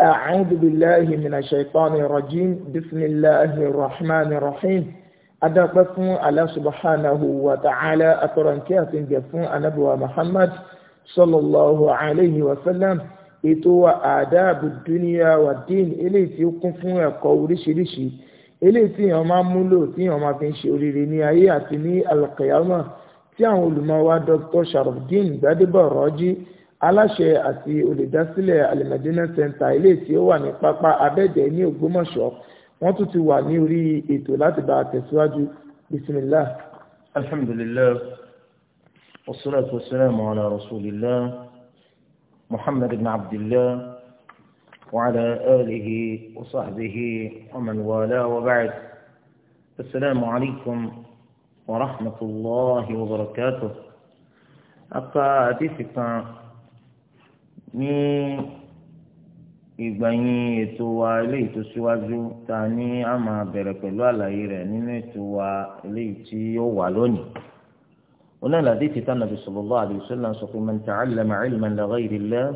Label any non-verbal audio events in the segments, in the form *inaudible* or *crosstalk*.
أعوذ بالله من الشيطان الرجيم بسم الله الرحمن الرحيم adọ́pẹ́ fún Allah subhanahu wa ta'ala atọ́rọ̀nkí àti ìgbẹ̀ fún anábíwá muhammad sallallahu alayhi wa sallam ètò wa àdáàbò dúníyà wà dín eléyìí tí ó kún fún ẹ̀kọ́ oríṣiríṣi eléyìí tí èèyàn máa múlò tí èèyàn máa fi ń ṣe oríire ní ayé àti ní alqiyama tí àwọn olùmọ̀ wa dr sharafdin gbadebo rọ́jí aláṣẹ àti olùdásílẹ̀ alimadina center ilé tí ó wà ní pápá abẹ́dẹ̀ ní ògbómọ̀ṣọ́ wọ́n tún ti wà ní orí ètò láti bá a tẹ̀síwájú bisimilá. alhamdulilayi wasalaatu wasalaamu ala rasulillah muhammad ibn abdillah wa ala alihi wa sahbihi wa asalaamu alaykum wa rahmatulahi wa barakatuh. apá àdìsí kan. ní ìgbẹ̀yìn ètò wa eléyìí tó síwájú ta ni a máa bẹ̀rẹ̀ pẹ̀lú àlàyé rẹ̀ nínú ètò wa eléyìí tí ó wà lónìí. هنا الحديث كان النبي صلى الله عليه وسلم يقول من تعلم علما لغير الله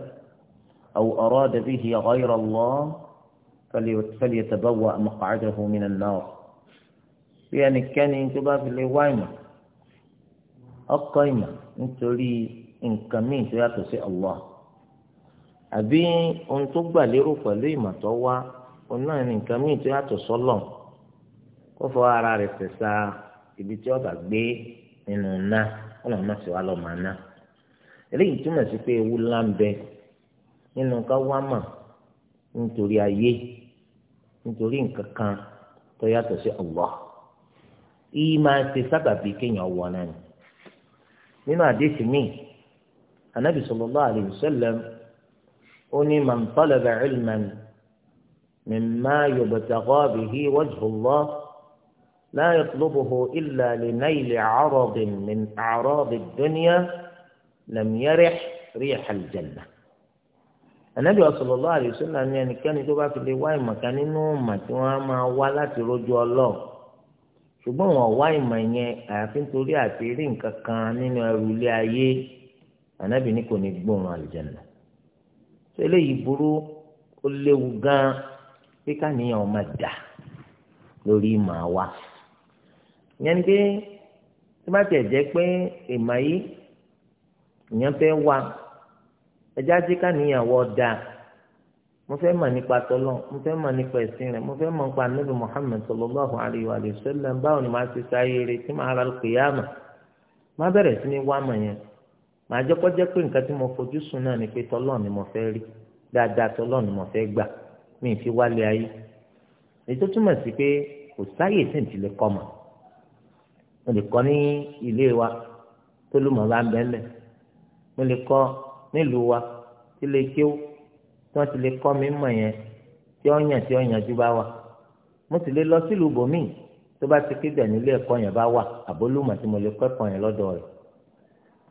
أو أراد به غير الله فليتبوأ مقعده من النار bí ẹnikẹ́ni tó bá fi lè wá ìmọ̀ ọkọ̀ ìmọ̀ nítorí nǹkan míì tó yàtọ̀ sí Allah àbí ohun tó gbà lérò pẹ̀lú ìmọ̀tọ́ wá òun náà ní nǹkan míì tó yàtọ̀ sọ́lọ̀ kó fọ ara ibi tí ọba gbé nínú ná ọ̀nà náà sì wá lọ́ máa ná eléyìí ewu ńlá ń bẹ nínú ká mà nítorí ayé nítorí nǹkan kan tó yàtọ̀ sí máa ṣe kéèyàn náà nínú àdéhùn míì أني من طلب علما مما يبتغى به وجه الله لا يطلبه إلا لنيل عرض من أعراض الدنيا لم يرح ريح الجنة النبي صلى الله عليه وسلم يعني كان يتوبع في الواي مكان النوم ما ولا ترجو الله ṣùgbọ́n wọn wá ìmọ̀ yẹn àyàfi nítorí àti rí nǹkan kan nínú ẹrù ilé ayé ànábì ní kò ní gbóòórùn àlùjẹ̀nà yìí burú ó léwu gan pé káníyàn ọmọ dà lórí ìmọ̀ wa ìyẹn ni pé tí bá tiẹ̀ jẹ́ pé ìmọ̀ yìí ìyẹn fẹ́ wa ẹjá jẹ́ káníyàn wọ́ dáa mo fẹ́ mọ̀ nípa tọ́lọ́ mo fẹ́ mọ̀ nípa ẹ̀sìn rẹ̀ mo fẹ́ mọ̀ nípa níbi Muhammad sallallahu báwo ni màá ti sáyé rẹ̀ tí màá má bẹ̀rẹ̀ sí ní wá mọ̀ màá jẹ́ kó jẹ́ pé nǹkan tí mo fojú sùn náà ni pé tọ́lọ́ ni mo fẹ́ rí dáadáa tọ́lọ́ ni mo fẹ́ gbà mí fi wálé ayé èyí tó túmọ̀ sí pé kò sáyè sí ìtìlẹ̀ kọ́ mọ̀ mo lè kọ́ ní ilé wa tó ló mọ̀ bá ń bẹ́lẹ̀ mo lè kọ́ nílùú wa tí lè kéwú tí wọ́n ti lè kọ́ mi mọ̀ yẹn tí ó yàn tí ó yànjú bá wà mo sì lè lọ sílùú bòmíì tó bá ti kéde nílé ẹ̀kọ́ yẹn bá wà àbólúmọ̀ tí mo lè kọ́ ẹ̀kọ́ yẹn lọ́dọ̀ rẹ̀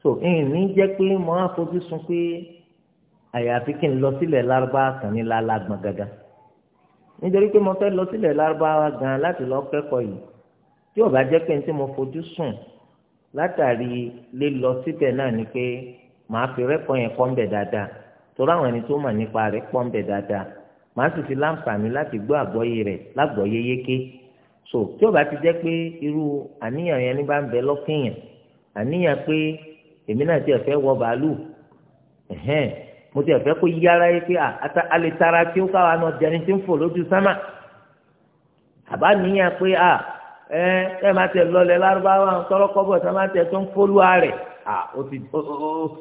so ìní jẹ́ pé mo á fojú sun pé àyàfi kí n lọ sílẹ̀ lárúbá kan ní lálágbọ̀n gàgà nítorí pé mo fẹ́ lọ sílẹ̀ lárúbá gan láti lọ kẹ́kọ̀ọ́ yìí tí ò bá jẹ́ pé ní tí mo fojú sùn látàrí lílọ síbẹ̀ náà ni pé màá fi rẹ́pọ̀ yẹn pọ́n bẹ̀ dáadáa torí àwọn ẹni tó mọ̀ nípa rẹ̀ pọ́n bẹ̀ dáadáa màá sì fi láǹfààní láti gbọ́ àgbọ́yé rẹ̀ lágbọ́yé yéké so tí ò bá ti jẹ́ pé irú àníyàn yẹn ní bá ń bẹ lọ́kàn àníyàn pé èmi náà tiẹ̀ fẹ́ wọ bàálù ẹ̀hẹ́n mo tiẹ̀ fẹ́ kó yára yẹ pé alẹ́ tara tí ó káwa náà jẹni tí ń fò lójú sámà àbá níyàn pé à ẹ ẹ má tẹ lọlẹ lárúbáwá tọrọkọbọ tí wọn má tẹ tó ń fọlùwà rẹ à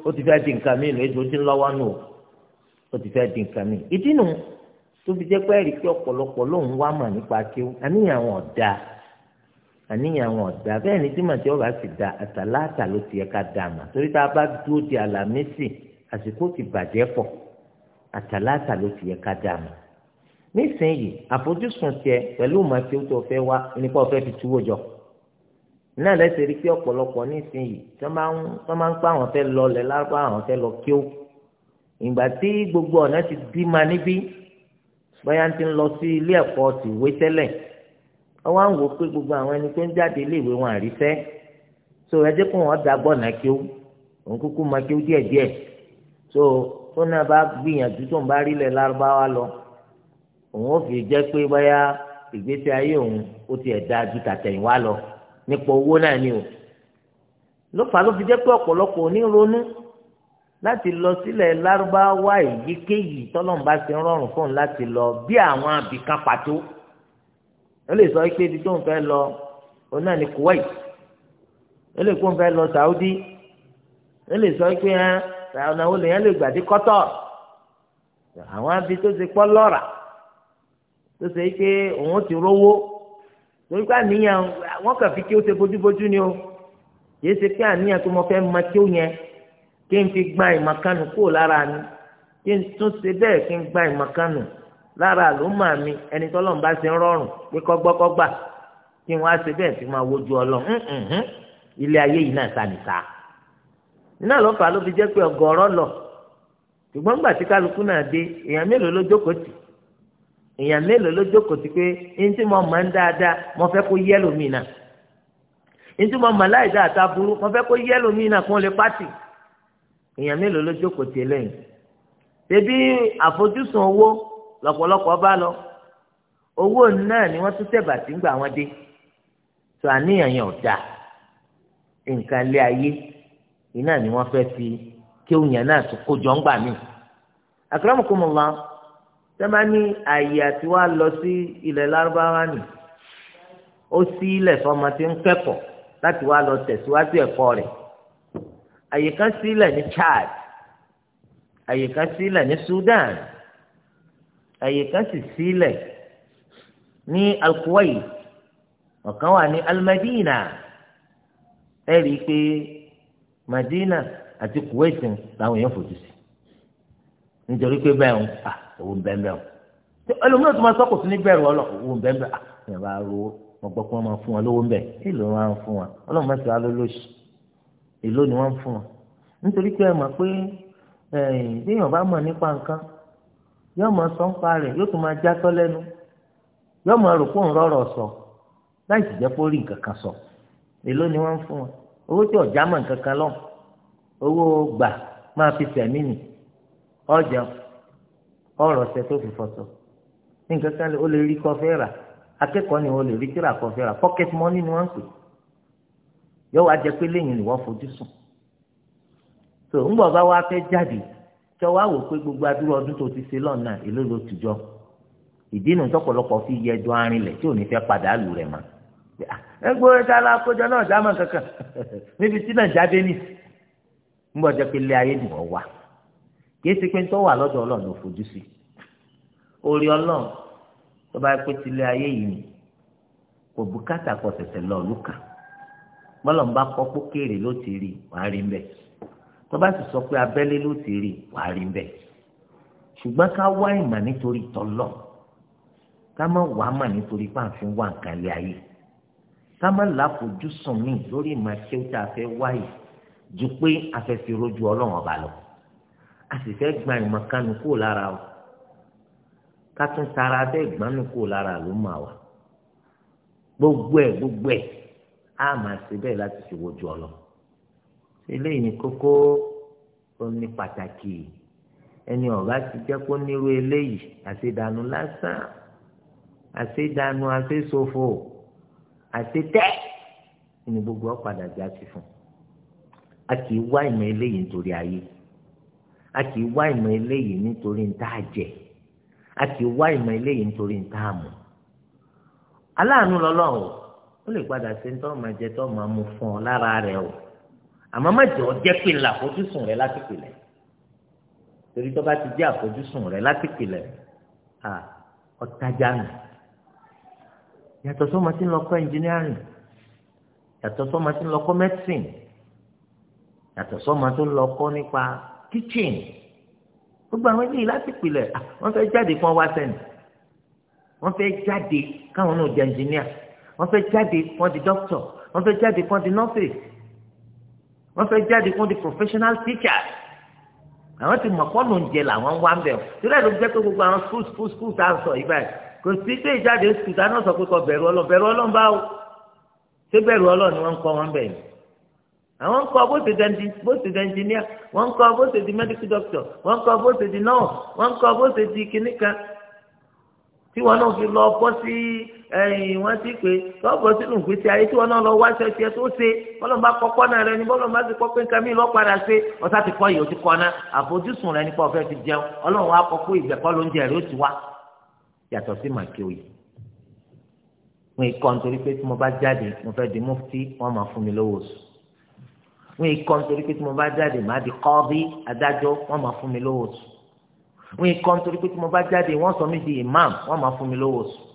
ó ti fẹ́ di nǹkan mi lóye tó ti ń lọ́wọ́ nù ó ti fẹ́ di nǹkan mi ìdí nù tó fi jẹ́ pé ẹ̀rí pé ọ̀pọ̀lọpọ̀ lòun wá mà nípa kí ó àníyàn wọn dáa àníyàn wọn ọ̀dà bẹ́ẹ̀ ni tí màtí ọba sì da àtàláàtà ló ti yẹ ká dà mà torí tá a bá dúró di àlàmísì àsìkò ti bàjẹ́ pọ̀ àtàláàtà ló ti yẹ ká dà mà nísìnyí àfojúsùn tiẹ̀ pẹ̀lú màtí ó tó fẹ́ wá nípa ọ̀fẹ́ fi túwó jọ náà lẹ́sẹ̀ rí pé ọ̀pọ̀lọpọ̀ nísìnyí tí máa ń pa àwọn fẹ́ lọ lẹ̀ lárúbá àwọn fẹ́ lọ kí ó ìgbà tí gbogbo ọ̀nà ti dí ma níbí bóyá ti ń lọ sí ilé ẹ̀kọ́ tìwé tẹ́lẹ̀ àwọn àwọn wò pé gbogbo àwọn ẹni tó ń jáde iléèwé wọn àríṣẹ́ so ẹ jẹ́ kó wọn da gbọ́nà kí ó òun kúkú máa kí ó díẹ̀ so tó náà bá gbìyànjú tó ń bá rí ilẹ̀ lárúbáwá lọ òun ó fi jẹ́ pé báyà ìgbésí ayé òun ó tiẹ̀ dáa ju tàtẹ̀yìnwá lọ nípa owó náà ni o ló fà ló fi jẹ́ pé ọ̀pọ̀lọpọ̀ òní ronú láti lọ sílẹ̀ lárúbáwá èyíkéyìí tọ́lọ́mùbá ṣe ń rọrùn fóun láti lọ bí àwọn àbíká pàtó ó lè sọ pé ibi tó ń fẹ́ lọ òun náà ní Kuwait ó kó ń fẹ́ lọ Saudi ó lè sọ pé ẹ ọ̀nà wo lèyàn lè gbàdí kọ́tọ̀ àwọn abi tó ti pọ́ lọ́ra tó ṣe pé òun ti rówó torí pé àníyàn wọn kàn fi kí ó ṣe bójúbójú ni o yìí ṣe pé àníyàn tó mọ fẹ́ mọ kí ó yẹn kí n fi gba ìmọ̀kánu kúrò lára mi kí n tún ṣe bẹ́ẹ̀ kí n gba ìmọ̀kánu lára àlùmọ́ mi ẹni tọ́lọ́ ń bá ṣe ń rọrùn pé kọ́gbọ́kọ́gbà kí wọ́n á ṣe bẹ́ẹ̀ fi máa wojú ọlọ́run mm, mm, mm. ilé ayé yìí náà sá nìta iná lọ́fà ló fi jẹ́ pé ọgọ́rọ́ lọ ṣùgbọ́n gbà tí kálukú náà dé èèyàn mélòó ló jókòó tì èèyàn mélòó ló jókòó tì pé ẹni mo mọ̀ ń dáadáa mo fẹ́ kó yẹ́ lómi náà ẹni mo mọ̀ láì dáa ta burú mo fẹ́ kó yẹ́ lómi náà kó lè pátì èèyàn mélòó ló jókòó tì lẹ́yìn ṣebí àfojúsùn owó lọ́pọ̀lọpọ̀ bá lọ owó náà ni wọ́n tún tẹ̀bà tí ń gbà wọ́n dé tó àníyàn yẹn ò dáa nǹkan lé ayé iná ni wọ́n fẹ́ fi kéwù yẹn náà tó kójọ ń gbà mí. àkàràmọ̀kọ́mọ̀lá tẹ́lá ní àyè àti wá lọ sí ilẹ̀ lárúbáwá nì ó sí ilẹ̀ fọmọ tí ń kẹ́kọ̀ọ́ láti wá lọ tẹ̀síwájú ẹ̀kọ́ rẹ̀ àyè kan sílẹ̀ ní Chad àyè kan sílẹ̀ ní Sudan àyè kan sì sílẹ̀ ní Al-Kuwait ọ̀kan wà ní Al-Madina ẹ rí pé Madina àti Kuwait làwọn èèyàn fojú sí nítorí pé bẹ́ẹ̀ ń à òun bẹ́ẹ̀ bẹ́ẹ̀ ń ẹlòmíràn tó máa sọ́kò sí ní bẹ́ẹ̀rù ọlọ́ òun bẹ́ẹ̀ bẹ́ẹ̀ à ẹ̀ bá ro wọn gbọ́ pé wọ́n máa fún wọn lówó ń bẹ̀ kí ló máa ń fún wọn ọlọ́run máa ń sọ alólóṣì èló ni wọ́n ń fún wọn nítorí pé ẹ mọ̀ pé ẹ̀yìn bí èèyàn bá mọ̀ nípa nǹkan yóò máa sọ ń pa rẹ̀ yóò tún máa já tọ́ lẹ́nu yóò máa rò pọ̀ ń sọ láì sì jẹ́ rí nǹkan kan sọ èló ni wọ́n ń fún wọn owó tí ọ̀já mọ̀ nǹkan owó gbà máa fi fi fọ̀tọ̀ nǹkan kan ó lè rí rà akẹ́kọ̀ọ́ ni ó lè rí kíra rà pocket money ni wọ́n ń pè wá jẹ pé lẹ́yìn ni wọ́n fojú sùn ń bọ̀ bá wá tẹ wá wò pé gbogbo adúrú ọdún tó ti ṣe lọ́nà èló ló tùjọ ìdí nu tọpọlọpọ fi yẹ ẹjọ arinlẹ̀ tí ò ní fẹ padà lù rẹ̀ mọ́ ah, ẹgbẹ́ ẹ̀ta alákójọ náà dá kankan *laughs* níbi tí náà jáde nì ń pé ilé ayé ni wọ́n kìí ṣe pé ń ló fojú sí orí tó bá tó bá sì sọ pé abẹ́lé ló ti rí wàá rí bẹ́ẹ̀ ṣùgbọ́n ká wá ìmọ̀ nítorí tọ́lọ̀ ká má wá mà nítorí pàǹfin wà nǹkan lé ayé ká má láfojúsùn míì lórí ìmọ̀ ṣé ó tá a fẹ́ wáyé ju pé a fẹ́ fi rojú ọlọ́run ọba lọ a sì fẹ́ gba ìmọ̀ kanu kúrò lára o ká tún tara abẹ́ ìgbánu kúrò lára ló mà wá gbogbo ẹ̀ gbogbo ẹ̀ á máa ṣe bẹ́ẹ̀ láti fi wojú ọlọ́run. eléyìí ni kókó òní pàtàkì ẹni ti jẹ́ kó nírú eléyìí àṣedànù lásán àṣedànù àṣesòfò àṣetẹ́ ni gbogbo ọ̀padà já sí fún a kì í wá ìmọ̀ eléyìí nítorí ayé a kì í wá ìmọ̀ eléyìí nítorí ń tá a jẹ a kì í wá ìmọ̀ eléyìí nítorí ń tá a mọ̀ aláàánú lọ́lọ́run ó lè padà ṣe ń tọ́ ọmọ jẹ tọ́ ọmọ mu fún ọ lára rẹ o. àmọ́ má jẹ́ ọ jẹ́ pé ńlá àfojúsùn rẹ láti pìlẹ̀ torí tó bá ti jẹ́ àfojúsùn rẹ láti pìlẹ̀ ọ̀tajà nù yàtọ̀ sọ́mọ tí ń lọ kọ́ ẹnjìnírìn yàtọ̀ sọ́mọ tí ń lọ kọ́ mẹ́tìrìn yàtọ̀ sọ́mọ tó ń lọ kọ́ nípa kíchìn gbogbo àwọn eléyìí láti pìlẹ̀ wọ́n fẹ́ jáde fún ọwá sẹ́ni wọ́n fẹ́ jáde káwọn náà jẹ́ ẹnjìníà wọ́n fẹ́ jáde fún ọdí dókítọ̀ wọ́n fẹ́ jáde fún ọdí nọ́ọ̀sì wọ́n fẹ́ jáde fún the professional teachers àwọn ti mọ̀ kọ́nù ń jẹ làwọn wá ń bẹ̀ sílẹ̀ ló jẹ́ pé gbogbo àwọn school school school tá a sọ yìí báyìí kò sí pé ìjáde school tá a náà sọ pé kọ bẹ̀rù ọlọ́run bẹ̀rù ọlọ́run báwo ṣé bẹ̀rù ọlọ́run ni wọ́n ń kọ́ wọn bẹ̀ yìí àwọn ń kọ́ bó ṣe di bó ṣe di engineer wọ́n ń kọ́ bó ṣe di medical doctor wọ́n ń kọ́ bó ṣe di nurse wọ́n ń kọ́ bó ṣe di kìnnìkan tí wọ́n náà fi lọ bọ́ sí ẹ̀yìn wọ́n ti pé lọ́bọ̀ sínú ìgbésí ayé tí wọ́n náà lọ wáṣọ tiẹ̀ tó ṣe bọ́lọ́mọba kọ́kọ́ náà rẹ ni bọ́lọ́mọba ti kọ́ pé nǹkan mi lọ́ padà ṣe ọ̀sá ti kọ́ yìí ó ti kọ́ náà àfojúsùn rẹ nípa ọ̀fẹ́ ti jẹun ọlọ́run wa kọ́ pé ìgbẹ́kọ́ ló ń jẹ rẹ ó ti wá yàtọ̀ sí màkì òye wọn ikọ nítorí pé tí mo bá jáde mo fẹ́ di mufti wọ́n máa fún mi lówó oṣù wọn ikọ nítorí pé tí mo bá jáde màá di kọ́ọ̀bí adájọ́ wọ́n máa fún mi lówó oṣù wọn ikọ nítorí pé tí mo bá jáde wọ́n sọ mí di imam wọ́n máa fún mi lówó oṣù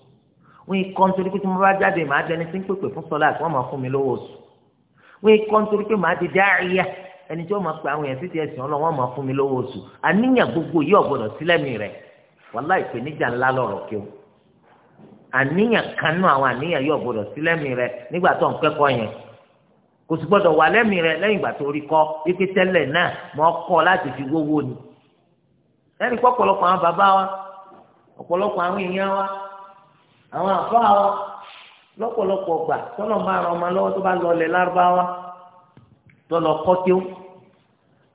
wọ́n ikọ́ nítorí pé tí mo bá jáde màá dẹni tí ń pèpè fún sọlá àti wọ́n máa fún mi lówó oṣù wọ́n ikọ́ nítorí pé màá di dáríyà ẹni tí wọ́n máa pe àwọn èèyàn ẹ̀sìn ọlọ́run wọ́n máa fún mi lówó gbogbo yìí ọ̀gbọ́dọ̀ sílẹ̀ mi rẹ̀ ńlá lọ̀rọ̀ kí àníyàn kanú àwọn àníyàn yìí ọ̀gbọ́dọ̀ sílẹ̀ rẹ̀ nígbà tó ń àwọn àfa wọn lọ́pọ̀lọpọ̀ gbà tọ́lọ̀ máa ran ọmọ lọ́wọ́ tó bá lọ ilẹ̀ lárúbáwá tọ́lọ̀ kọ́ tí ó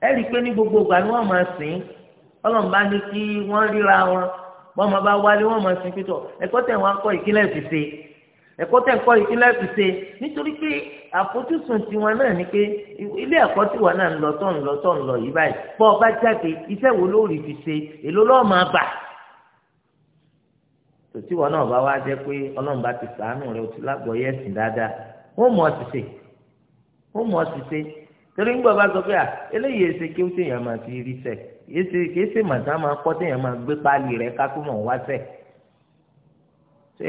ẹ rí i pé ní gbogbo ìgbà ni wọ́n máa sìn ọlọ́run bá ní kí wọ́n ríra wọn bọ́n máa bá wálé wọ́n máa sìn pítọ̀ ẹ̀kọ́ tẹ̀ wọ́n á kọ́ ìkílẹ̀ fi ṣe ẹ̀kọ́ tẹ̀ kọ́ ìkílẹ̀ fi ṣe nítorí pé àfojúsùn tiwọn náà ni pé ilé ẹ̀kọ́ tiwa náà ń lọ tọ́ ń lọ tọ́ ń lọ yìí báyìí bọ́ ọ bá jáde iṣẹ́ wo ló rí ṣe èló lọ́ọ́ máa bà tòtí wọn náà bá wá jẹ pé ọlọ́run bá ti sàánù rẹ o ti lágbọ̀ọ́yé ẹ̀sìn dáadáa wọ́n mọ̀ ọ́ ti ṣe wọ́n mọ̀ ọ́ ti ṣe torí ńgbọ́ bá sọ pé à eléyìí èsè kí ó téèyàn máa fi rí sẹ̀ èsè kéésè màtá máa kọ́ téèyàn máa gbé páálí rẹ ká tó mọ̀ wá sẹ̀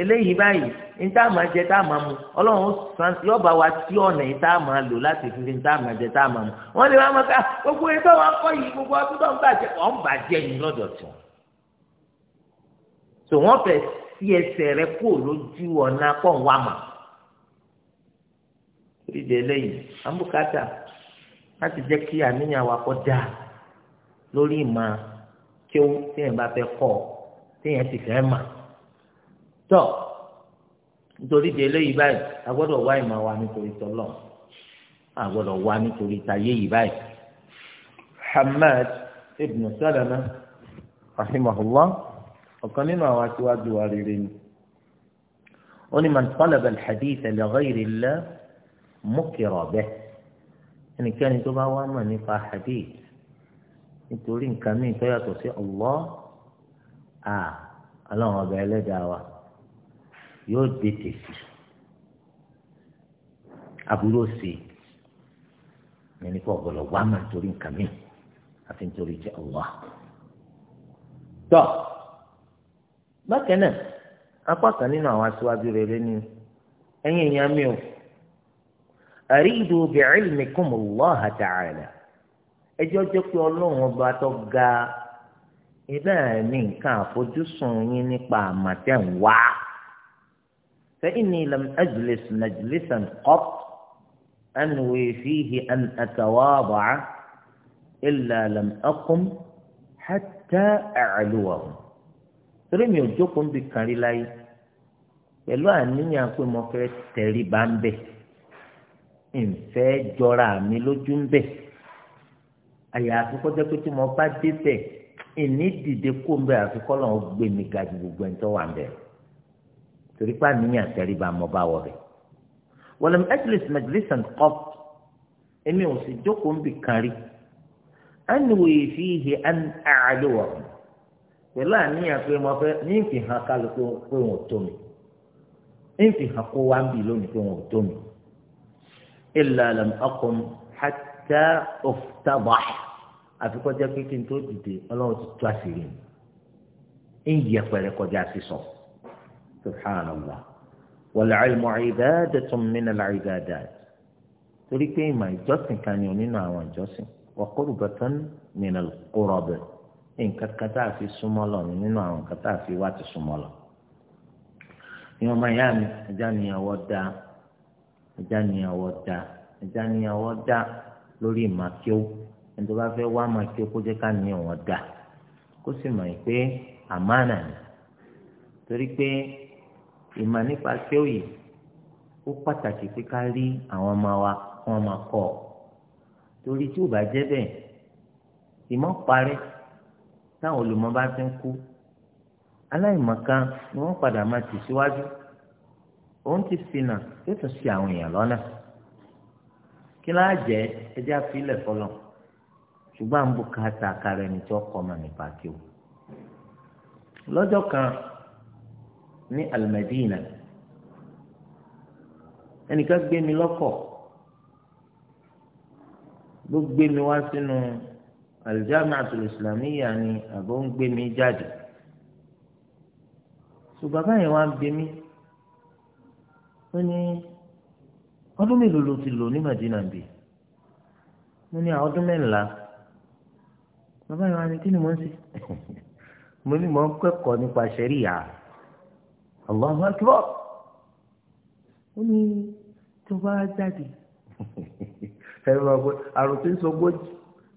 eléyìí báyìí ní tá a máa jẹ tá a máa mu ọlọ́run yóò bá wa tí ọ̀nà yìí tá a máa lò láti fi ní tá a máa jẹ tá a máa mu wọ́n lè wá máa ká gbogbo ètò àwọn akọ́yìí gbogbo ọdún tó ń bàjẹ́ ọ̀ bàjẹ́ yìí lọ́dọ̀ tí tò wọ́n fẹ́ sí ẹsẹ̀ rẹ kó lójú ọ̀nà pọ̀ ń wá mà ìdè eléyìí àmbùkátà láti jẹ́ kí àníyàn wa kọ́ dáa lórí ìmọ̀ kí ó téèyàn bá fẹ́ kọ́ téèyàn sì fẹ́ mà tọ́ nítorí ìdè eléyìí báyìí a gbọ́dọ̀ wá ìmọ̀ wa nítorí tọ́lọ̀ a gbọ́dọ̀ wá nítorí tayé yìí báyìí Hamad ibn Salama rahimahullah ọ̀kan nínú àwọn aṣíwájú wa rere ni ó ní man talaba al-hadith li ghayri Allah mukira bih ẹnikẹ́ni tó bá wá mọ̀ nípa hadith nítorí nǹkan míì tó yàtọ̀ sí Allah à ọlọ́run ọba ẹlẹ́dàá wa yóò dé tèsì aburú òsè ẹni kọ́ ọ̀gbọ̀lọ̀ wá mọ̀ nítorí nǹkan míì àfi nítorí jẹ́ Allah tọ́ bákan náà apá kan nínú àwọn aṣáájú rere ni ẹ̀yin ìyá mi ò àríyìdò bi'ilmikum Allah ta'ala ẹjọ́ jẹ́ pé ọlọ́run ọba tó ga iná ní nǹkan àfojúsùn yín nípa àmàtẹ́ ń wá fa inni lam ajlis majlisan qat anwi fihi an atawada'a illa lam aqum torí mi ò jókòó ń bi kàn rí láyé pẹ̀lú àníyàn pé mo fẹ́ tẹ̀rí bá ń bẹ̀ ǹfẹ́ jọra mi lójú ń bẹ̀ àyàfi kọjá pé tí mo bá dé bẹ̀ ìní dìde kó ń bẹ̀ àfi kọ́ gbé mi ga ju gbogbo ẹ̀ wà ń bẹ̀ torí pé àníyàn tẹ̀rí bá mo bá wọ̀ bẹ̀ wọlé majlis majlisan qat èmi ò sì jókòó ń bi kàn rí ẹnu fi ihe ẹnu àádọ́wọ̀ pẹ̀lú àníyàn pé mo fẹ́ ní ìfì hàn kálukú pé wọn ò tó mi ní ìfì hàn kó wá ń bì lónìí pé wọn ò tó mi. illa lam aqum hatta uftadah àfikọ́ jẹ́ pé kí n tó dìde ọlọ́run ti tú àṣírí mi ń yẹ pẹ̀lẹ́ kọjá sísọ subhanallah wal ilmu ibadatun min al ibadat torí pé ìmọ̀ ìjọsìn kan ni nínú àwọn ìjọsìn nǹkan kan tá a fi súnmọ́ lọ ní nínú àwọn nǹkan tá a fi wá ti súnmọ́ lọ. ní ọmọ ìyá mi ẹja níyàwó dá ẹja níyàwó dá ẹja níyàwó dá lórí ìmàkíó ẹni tó bá fẹ́ wá màkíó kó jẹ́ ká ní ọ̀wọ́n dá kó sì mọ̀ yìí pé àmánà ni torí pé ìmọ̀ nípa kíó yìí ó pàtàkì pé ká rí àwọn ọmọ wa kí wọ́n máa kọ́ ọ torí tí ò bá jẹ́ bẹ́ẹ̀ ìmọ̀ parí táwọn olùmọ̀ bá ti ń kú aláìmọ̀kan ni wọ́n padà máa tì síwájú òun ti ṣìnà yóò tún ṣì àwọn èèyàn lọ́nà kí láà jẹ́ ẹjẹ́ àfilẹ̀ fọlọ́ ṣùgbọ́n à ń bu kàtà kárẹ̀ ní tí nípa kí o lọ́jọ́ kan ní Al-Madina ẹnìkan gbé mi lọ́kọ̀ ló gbé mi wá sínú. Si aljamiatul islamiyya ni àbọ̀ ń gbé mi jáde tó bàbá yẹn wá ń bí mi ó ní ọdún mélòó ló ti lò ní Madina bì mo ní ọdún mẹ́ńlá bàbá yẹn wá ní kí ni mo ń ṣe *laughs* mo ní mo ń kẹ́kọ̀ọ́ nípa ṣẹ́ríyà Allahu akbar ó ní tó bá jáde *laughs* ẹ máa gbé àròtí sọgbọ́jì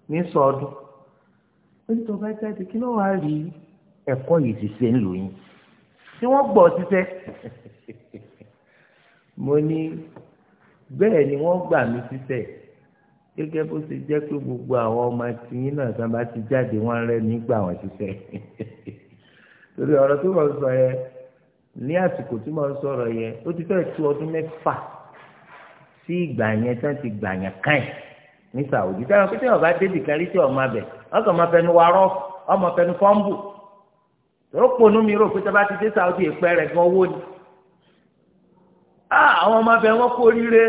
ní sọọdún ó ní tó bá jáde kí ló wàá rí ẹ̀kọ́ yìí ti ṣe ń lò yín tí wọ́n gbọ́ títẹ́ *laughs* mo ní bẹ́ẹ̀ ni wọ́n gbà mí títẹ́ gẹ́gẹ́ bó ṣe jẹ́ pé gbogbo àwọn ọmọ tìyín náà tán bá ti jáde wọ́n rẹ́ nígbà wọn títẹ́ *laughs* torí ọ̀rọ̀ tó wọ́n sọ yẹn ní àsìkò tí mo ń sọ̀rọ̀ yẹn ó ti fẹ́ẹ̀ tó ọdún mẹ́fà sí ìgbà yẹn tán ti gbà yẹn káyìn ní Saudi táwọn pété ọba débì kan rí tí ọmọ abẹ ọkàn máa fẹnu warọ ọmọ fẹnu fọmbù tó pọnú mi rò pé tí a bá ti dé Saudi èpẹ rẹ gan owó ni àwọn ọmọ abẹ wọn kú oríire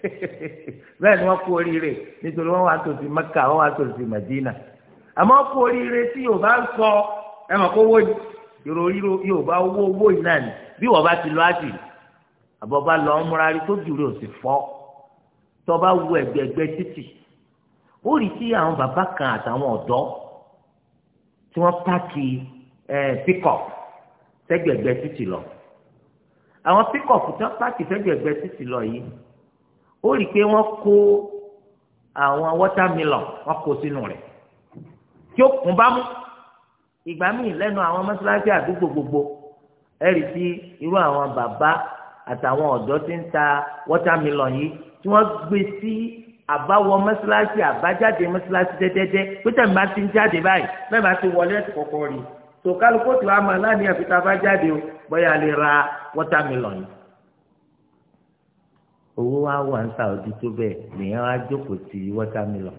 *laughs* bẹ́ẹ̀ ni wọn kú oríire nítorí wọn wá tòsí Mẹ́kà wọn wá tòsí Mẹdínà àmọ́ kú oríire tí yóò bá sọ ẹ mọ̀ kó wó ni ìròyìn yóò bá owó owó yìí náà ni bí wọ́n bá ti lọ àjì àbọ̀bá lọ ń múra rí tó jùlọ sí fọ́ tó bá wo ẹ̀gbẹ̀gbẹ̀ títì ó rí sí àwọn bàbá kan àtàwọn ọ̀dọ́ tí wọ́n pààkì pickup sẹ́gbẹ̀gbẹ̀ títì lọ àwọn pickup tí wọ́n pààkì sẹ́gbẹ̀gbẹ̀ títì lọ yìí ó rí pé wọ́n kó àwọn watermelon wọ́n kó sínú rẹ̀ tí ó kún bá mú ìgbà míì lẹ́nu àwọn mọ́ṣáláṣí àdúgbò gbogbo ẹ̀rí sí irú àwọn bàbá àtàwọn ọ̀dọ́ tí ń ta watermelon yìí tí wọ́n gbé sí àbáwọ mọ́ṣáláṣí àbájáde mọ́ṣáláṣí dẹ́dẹ́dẹ́ pé tẹ̀mí bá ti ń jáde báyìí bẹ́ẹ̀ bá ti wọlé ẹ̀sìn kọ̀ọ̀kan rí tó kálukó tó àmọ́ láàní àfitá bá jáde o bóyá lè ra wọ́tàmílọ̀n yìí. owó wa wà ń Saudi tó bẹ́ẹ̀ nìyẹn wá jókòó ti wọ́tàmílọ̀n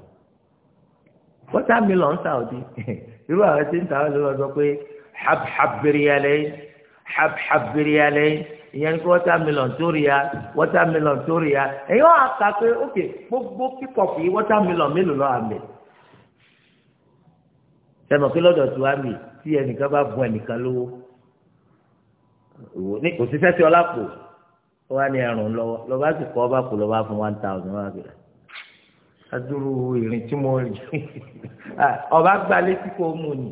wọ́tàmílọ̀n Saudi *laughs* irú àwọn tí ń ta ọ́ ló sọ pé habhabiriyalẹ́yìn habhabiriyalẹ́yìn ìyẹn kí wọ́tàmílọ̀n tó rí ya wọ́tàmílọ̀n tó rí ya ẹ̀yin wọ́n á kà pé ok gbogbo pípọ̀pù yìí wọ́tàmílọ̀n mélòó lọ́wọ́ àmì sẹ́mi ọ̀kí lọ́dọ̀ tó àmì tí ẹnìkan bá bu ẹnìkan lówó òwò ní kò sí sẹ́sẹ́ ọlápò ó wá ní ẹrùn lọ́wọ́ lọ́ba sì kọ́ ọba kò lọ́ba fún one thousand one hundred adúrú ìrìn tí mo rìn *laughs* ah, ọba gbalẹ́ tí kò mú ni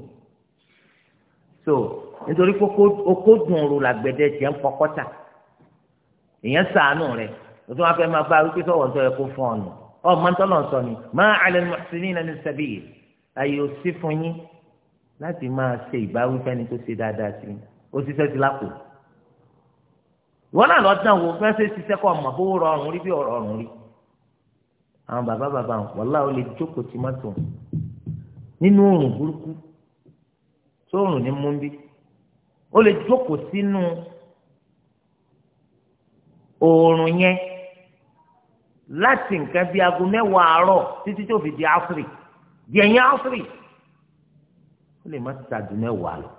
nítorí pé okó dùn òru làgbẹ̀dẹ tiẹ̀ ń pọkọ́tà ìyẹn sàánù rẹ̀ o tún fẹ́ máa bá wípé sọ̀wọ́ ń sọ yẹ kó fún ọ nù ọ máa ń sọ ni máa alẹ́ ní mọ̀sílì náà ní sẹ́bí yìí àyè ò sí fún yín láti máa ṣe ìbáwí fẹ́ni tó ṣe dáadáa sí ó ti fẹ́ ti lápò ìwọ náà lọ dán wo fẹ́ ṣe ṣiṣẹ́ kọ́ ọmọ bó rọrùn rí bí ọ̀rọ̀rùn rí àwọn bàbá bàbá wàlá ó lè jókòó tì nínú òórùn burúkú sóòrùn ní múndí ó lè jókòó sínú oòrùn yẹn láti nǹkan bíi aago mẹ́wàá àárọ̀ títí tó fi di áfírì di ẹ̀yìn áfírì ó lè má tàdú mẹ́wàá lọ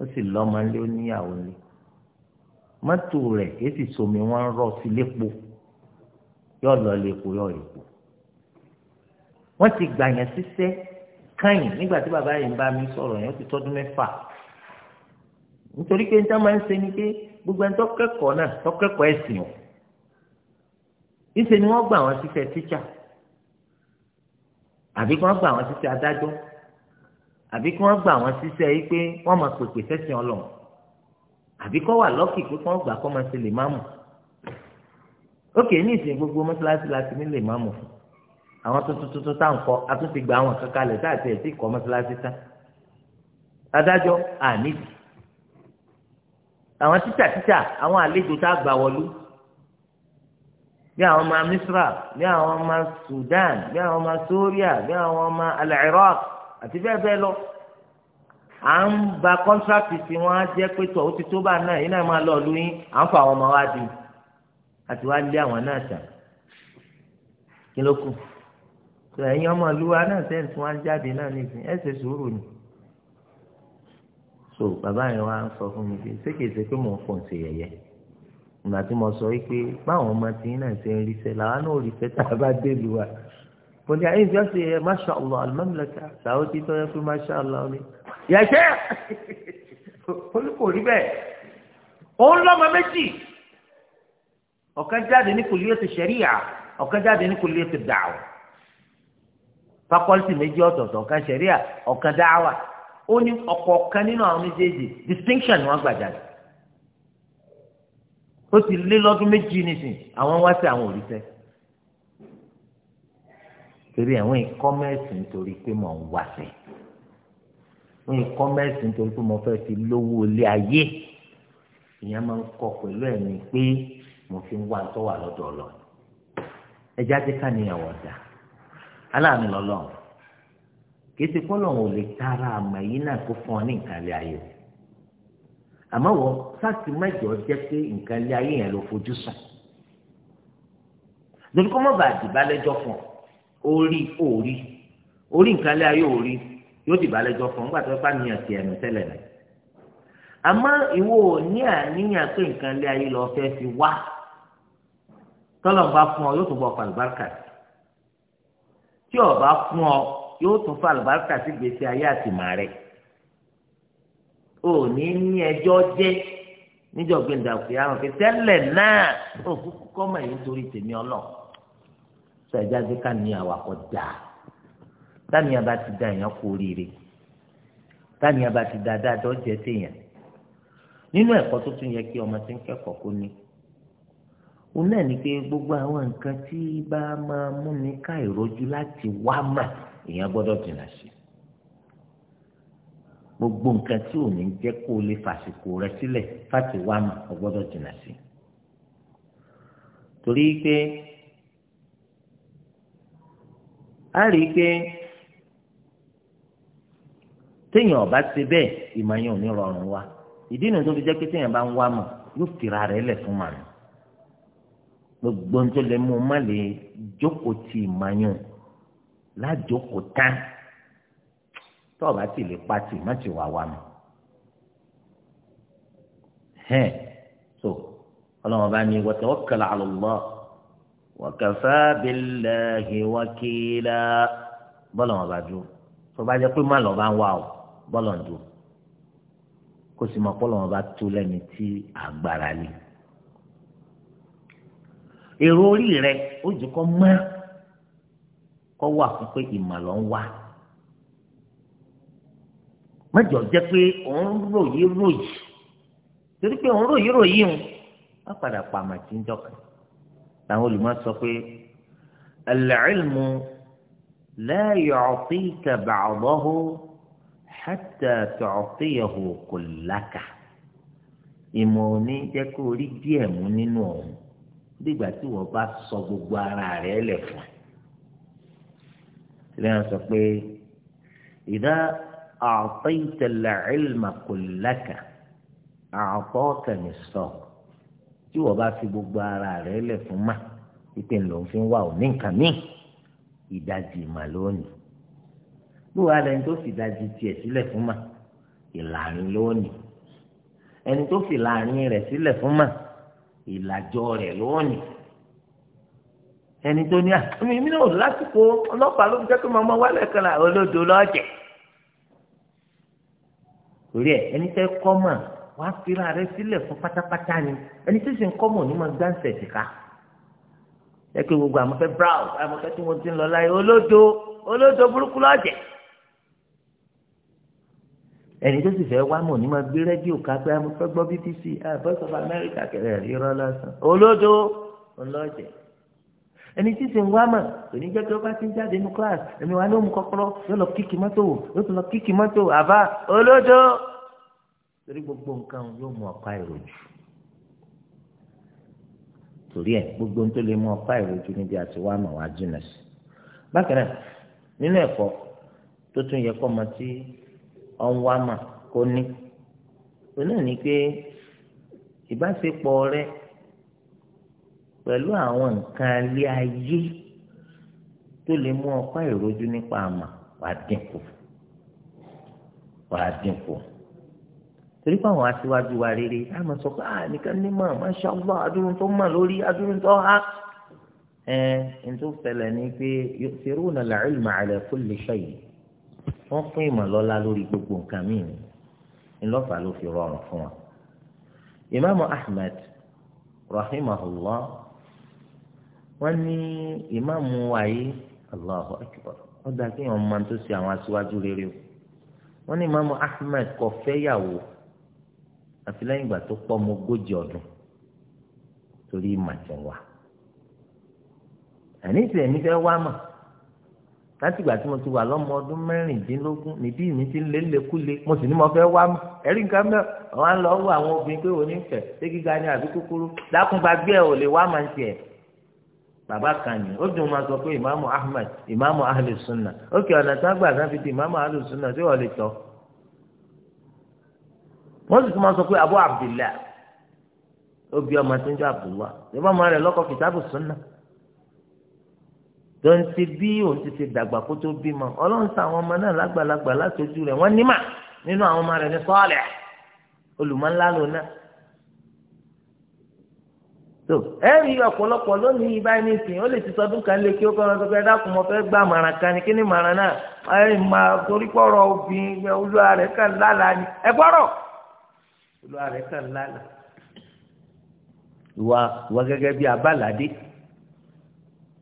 ó sì lọ́mọ ilé oníyàwó ilé mọ́tò rẹ̀ kìí sì somi wọ́n ń rọ̀ sí lépo yóò lọ lépo yóò lépo wọ́n ti gbà yẹn síṣẹ́ káyìn nígbà tí bàbá yìí bá mi sọ̀rọ̀ yẹn ó ti tọ́dún mẹ́fà nítorí pé níta máa ń ṣe ni pé gbogbo ẹni tọ́kẹ́kọ̀ọ́ náà tọ́kẹ́kọ̀ọ́ ẹ̀sìn o ìṣe ni wọ́n gbà wọ́n ṣiṣẹ́ tíṣà àbí kí wọ́n gbà wọ́n ṣiṣẹ́ adájọ́ àbí kí wọ́n gbà wọ́n ṣiṣẹ́ yìí pé wọ́n máa pèpè sẹ́sìn ọlọ́run àbí kọ́ wà lọ́kì pé kí wọ́n gbà kọ́ máa ṣe lè máàmù ókè ní ìsìn gbogbo mọ́ṣáláṣí láti ní lè máàmù fún àwọn tuntun tuntun tá à ń kọ́ ti gba àwọn kankan lẹ̀ tá àti ẹ̀ kọ́ mọ́ṣáláṣí tán adájọ́ àníbi àwọn títà títà àwọn àlejò tá a gbà wọlú bí àwọn ọmọ misra bí àwọn ọmọ sudan bí àwọn ọmọ soria bí àwọn ọmọ al-iraq àti bẹ́ẹ̀ bẹ́ẹ̀ lọ à ń ba kọ́ńtrákì tí wọ́n á jẹ́ pé tọ̀ ó ti tó bá náà yìí náà máa lọ lú yín à ń fa àwọn ọmọ wa di àti wá lé àwọn náà tà kí ló kù ẹ̀yin ọmọ ìlú wa náà sẹ́yìn tí wọ́n á jáde náà nìyí ẹ̀ sùúrù ni so bàbá yẹn wá ń sọ fún mi pé ṣé kìí ṣe pé mò ń fò ṣe yẹ̀yẹ́ ìgbà tí mo sọ wípé báwọn ọmọ tí náà ṣe ń ríṣẹ́ làwọn náà ríṣẹ́ tá a bá dé lu wa mo ní àyè ìjọ ṣe masha allah alimamilaka làwọn ti tọ́ yẹ pé masha allah ni yẹ̀ṣẹ́ olùkọ́ *laughs* rí bẹ́ẹ̀ òun lọ́mọ méjì ọ̀kan jáde ní kulliyat sharia ọ̀kan jáde ní kulliyat da'wa fakọ́lítì méjì ọ̀tọ̀ọ̀tọ̀ ọ̀kan sharia ọ̀kan da'wa ó ní ọ̀kọ̀ọ̀kan nínú àwọn méjèèjì distinction ni wọ́n gbà jáde ó ti lé lọ́dún méjì nísìn àwọn wá sí àwọn òrìṣẹ́ torí àwọn ìkọ́mẹ́sì nítorí pé mò ń wáṣẹ́ wọ́n ìkọ́mẹ́sì nítorí pé mo fẹ́ fi lówó ilé ayé ìyẹn máa ń kọ pẹ̀lú ẹ̀mí pé mo fi ń wá tọ́wà lọ́dọ̀ ọlọ́run ẹja ti ká níyàwó ọ̀dà aláàánú lọ́lọ́run kéésì kọ́ lọ́wọ́ lè tara àmọ́ yìí náà kó fún ọ ní nǹkan lé ayé àmọ́ wọ sáàtì mẹ́jọ jẹ́ pé nǹkan lé ayé yẹn ló fojú sùn lórí kọ́ mọ́ bá dìbà lẹ́jọ́ fún ọ orí orí orí nǹkan lé ayé orí yóò dìbà lẹ́jọ́ fún ọ nígbà tó bá níyàn tiẹ̀ nù tẹ́lẹ̀ náà àmọ́ ìwọ ní àníyàn pé nǹkan ayé lọ fẹ́ fi wá tọ́lọ̀ bá fún ọ yóò tún bọ̀ pàlùbáríkà tí ọ̀ bá fún ọ yóò tún fa àlùbáríkà sí gbèsè ayé àtìmá rẹ ò ní ní ẹjọ́ jẹ́ níjọ́ gbẹ̀ndà òkè àwọn òkè tẹ́lẹ̀ náà òkúkú kọ́mọ yìí nítorí tèmi ọlọ́ sọ̀jà dé káníyàn wà kọ́ dáa táníyàn bá ti da èèyàn kú oríire táníyàn bá ti da dáadọ́ jẹ́ téèyàn nínú ẹ̀kọ́ tó tún yẹ kí ọmọ tí ń kẹ́kọ̀ọ́ kó ní òun náà ni pé gbogbo àwọn nǹkan tí bá máa múni ká ìrojú láti wá mà èèyàn gbọdọ jìnnà sí gbogbo nǹkan tí ò ní jẹ́ kó o lè fàṣìkò rẹ sílẹ̀ fàtí wà mà jìnnà sí torí pé a rí pé téèyàn ọba ṣe bẹ́ẹ̀ ìmọ̀ yẹn ò ní wa ìdí nu tó fi gbogbo lájókòó tán tó o bá ti lè pati má ti wà wá mi hẹ́n so ọlọ́run bá ní wa tawakkal ala Allah wa kafa billahi wakila bọ́lọ̀ wọn bá dúró tó bá jẹ́ pé má lọ́ọ́ bá ń wá o bọ́lọ̀ ń dúró kó sì mọ̀ pọ́lọ̀ wọn bá tó lẹ́ni tí àgbára lé èrò orí rẹ ó jù kọ́ mọ́ kọ́ wà fún pé ìmọ̀ ló ń wá mẹ́jọ jẹ́ pé òun ròyìn ròyìn torí pé òun ròyìn ròyìn o wọ́n padà pa àmàtí ń jọkàn làwọn olùmọ̀ sọ pé al-ilmu la yu'tika ba'dahu hatta tu'tiyahu kullaka ìmọ̀ òní jẹ́ kó rí díẹ̀ mú nínú ọ̀hún nígbà tí wọ́n bá sọ gbogbo ara rẹ̀ lẹ̀ fún un ìlànà sọ pé ìdá àtẹ̀yìntẹ̀lẹ̀ ìlmà kò lẹ́kà àtọ́kẹ̀ ní sọ tí wọ́n bá fi gbogbo ara rẹ̀ lẹ̀ fún mà pípé ńlọ fi ń wà òní nǹkan míì ìdajì mà lónìí bí wàá lẹni tó fi ìdajì tiẹ̀ sílẹ̀ fún mà ìlàrin lónìí ẹni tó fi ìlàrin rẹ̀ sílẹ̀ fún mà ìlàjọ rẹ̀ lónìí ẹni tó ní à ah, mi mi náà lásìkò ọlọ́pàá ló fi jẹ́ pé màmá wà lẹ́ẹ̀kan là olódo lọ́jẹ̀ torí ẹ ẹni tẹ́ kọ́ mà wà á fira rẹ sílẹ̀ fún pátápátá ni ẹni tó sì ń kọ́ mọ̀ ní ma gbá ń sẹ̀sì ká ẹ pé gbogbo àmọ́fẹ́ browse àmọ́fẹ́ tí mo ti ń lọ láyé olódo olódo burúkú lọ́jẹ̀ ẹni tó sì fẹ́ wá mọ̀ ní ma gbé rédíò ká àmọ́fẹ́ ah, gbọ́ BBC ah, Voice of ẹni tí sì ń wá mà kò ní jẹ́ pé ó bá ti ń jáde ní class ẹni wa ní òun kọ́kọ́rọ́ yóò lọ kíkì mọ́tò wò yóò tún lọ kíkì mọ́tò àbá olódó torí gbogbo nǹkan yóò mú ọ̀pá ìròjù torí ẹ gbogbo tó lè mú ọ̀pá ìròjù níbi àti wá mà wá jìnà sí bákan náà nínú ẹ̀kọ́ tó tún yẹ kọ́ ọmọ tí ọ ń wá mà kó ní òun pé ìbáṣepọ̀ rẹ̀ pẹ̀lú àwọn nǹkan ilé ayé tó lè mú ọkọ ìrojú nípa àmà wàá dínkù wàá dínkù torí pé àwọn aṣíwájú wa rere á máa sọ pé à ah, nìkan ní mọ̀ masha Allah adúrún tó mọ̀ lórí adúrún tó há ẹ ẹ tó fẹlẹ̀ ni pé yu'thiruna al-'ilma 'ala kulli shay wọ́n fún ìmọ̀lọ́lá lórí gbogbo nǹkan mìíràn ńlọ́fà ló fi rọrùn fún wa. ìmáàmù Ahmad rahimahullah wọ́n ní ìmáàmù wáyé Allahu akbar wọ́n dá kí wọ́n máa tó ṣe àwọn aṣíwájú rere o wọ́n ní ìmáàmù Ahmed kò fẹ́yàwó àfi lẹ́yìn ìgbà tó pọ̀ mọ́ ogójì ọdún torí ìmàtẹ̀wà àní ìsìn ẹ̀mí fẹ́ wá mà láti ìgbà tí mo ti wà lọ́mọ ọdún mẹ́rìndínlógún níbí mi ti ń lé mo sì ní mo fẹ́ wá mà ẹ̀rí nǹkan mẹ́ wọ́n lọ wọ àwọn obìnrin pé òní fẹ́ ṣé gíga ni àbí kúkúrú dákúngbàgbé ẹ̀ ò lè wá mà ń tiẹ̀ bàbá kan o ó dùn máa sọ pé ìmáàmù ahmed ìmáàmù ahlẹ̀ sunna ókè ọ̀nà gbà di ìmáàmù ahlẹ̀ sunna tí wọ́n lè tọ́ wọ́n sì tún máa sọ pé abu abdillah ó ọmọ ń abdullah lọ́kọ̀ kìtàbù sunna tó ń ti bí òun ti dàgbà kó tó ọlọ́run àwọn ọmọ náà lágbàlagbà wọ́n nínú àwọn ọmọ tó ẹ̀rí ọ̀pọ̀lọpọ̀ lónìí báyìí nísìnyí ó lè ti sọdún kan lé kí ó kọ́ra pé dákun mọ́ fẹ́ gbà màrán kan ní kíní màrán náà ẹ̀ máa torí pọ̀rọ̀ obìnrin olúwa rẹ̀ kàn lálà ni ẹ gbọ́rọ̀ olúwa rẹ̀ kàn lálà ìwà ìwà gẹ́gẹ́ bí abáládé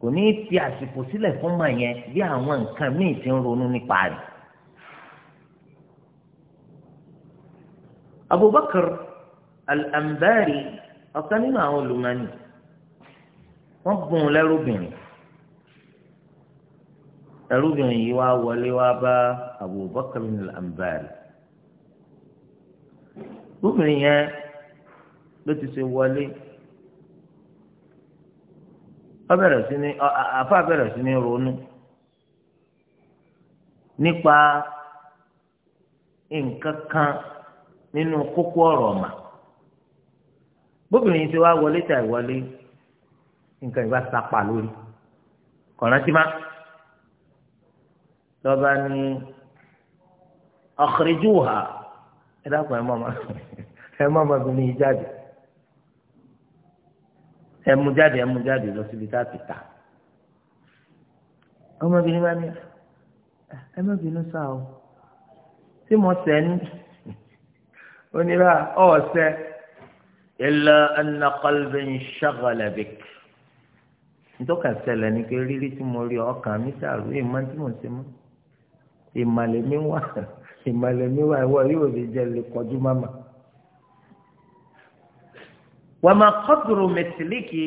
kò ní í fi àsìkò sílẹ̀ fún màá yẹn bí àwọn nǹkan míì ti ń ronú nípa rẹ̀ Abubakar al-Ambari. ọ̀kan nínú àwọn olùmọ̀ọ́nì wọ́n bùn un lẹ́rúbìnrin ẹrúbìnrin yìí wá wọlé wá bá Abubakar al-Anbari lóbìnrin yẹn ló ti ṣe wọlé ọbẹ̀rẹ̀ sí ni àfa bẹ̀rẹ̀ sí ni ronú nípa nǹkan kan nínú kókó ọ̀rọ̀ mà bóbìnrin ti wá wọlé tà ìwọlé nǹkan ìbá sapa lórí kọ̀rántí má lọ́ba ní akhrijuha ẹ dákun ẹ mọ́mọ́ ẹ mọ́mọ́ bí ní jáde ẹ mú jáde ẹ mú jáde lọ síbi tá a ti ta ọmọbìnrin bá ní ẹ má bínú sáà o tí mo sẹ́ ní onírà ọ̀ọ́sẹ́ illa anna qalbin shaghala bik ntọ́ka ṣẹlẹ̀ ní pé rírí tí mo rí ọkàn mi dàrú ìmọ̀ tí mo ṣe mọ́ ìmàlẹ̀ mi wà ìmàlẹ̀ mi wà ìwọ yóò lè jẹ lè kọjú mọ́mọ́. wa ma qadru mithliki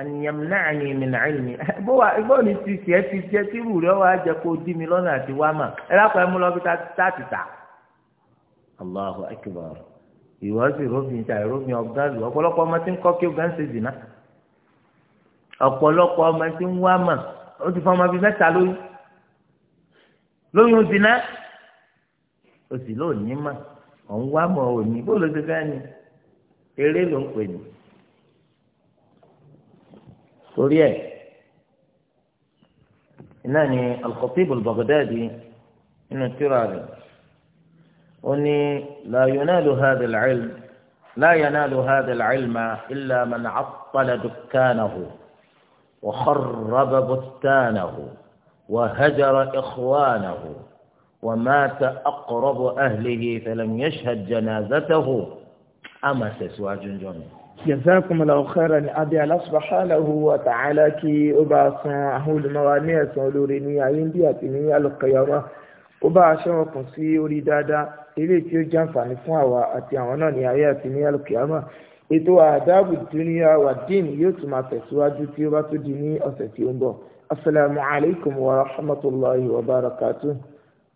an yamna'ani min 'ilmi bó wa bó ni ti tiẹ̀ ti tiẹ̀ tí rú rẹ̀ wá jẹ́ kó dí mi lọ́nà àti wá mà ẹ lápá ẹ mú lọ bí tá ti tà. Allahu akbar ìwọ sì rófin ta ìrófin ọgá lù ọ̀pọ̀lọpọ̀ ọmọ tí ń kọ́ kí o gán ṣe zìnà ọ̀pọ̀lọpọ̀ ọmọ tí ń wá mà ó ti fọ ọmọ bíi mẹ́ta lóyún lóyún zìnà o sì lóòní mà òun wá mọ̀ òní bó ló ti fẹ́ ni eré ló ń pè ní torí ẹ̀ iná ni al-Khatib al-Baghdadi nínú tírà أني لا ينال هذا العلم لا ينال هذا العلم إلا من عطل دكانه وخرب بستانه وهجر إخوانه ومات أقرب أهله فلم يشهد جنازته أما سسوى جنجون جزاكم الله خيرا أبي الله له وتعالى كي أباس أهول مغانية سولوريني أين بياتيني ألقيا وأباس أكسي أريد أن eré tí ó jàǹfààní fún àwa àti àwọn náà ní ayé àti ní alùkìyàmà ètò àdáàbò dúníyà wà dín yóò tún máa tẹ̀síwájú tí ó bá tó di ní ọ̀sẹ̀ tí ó ń bọ̀ asalaamualeykum wa rahmatulahi wa barakatuh.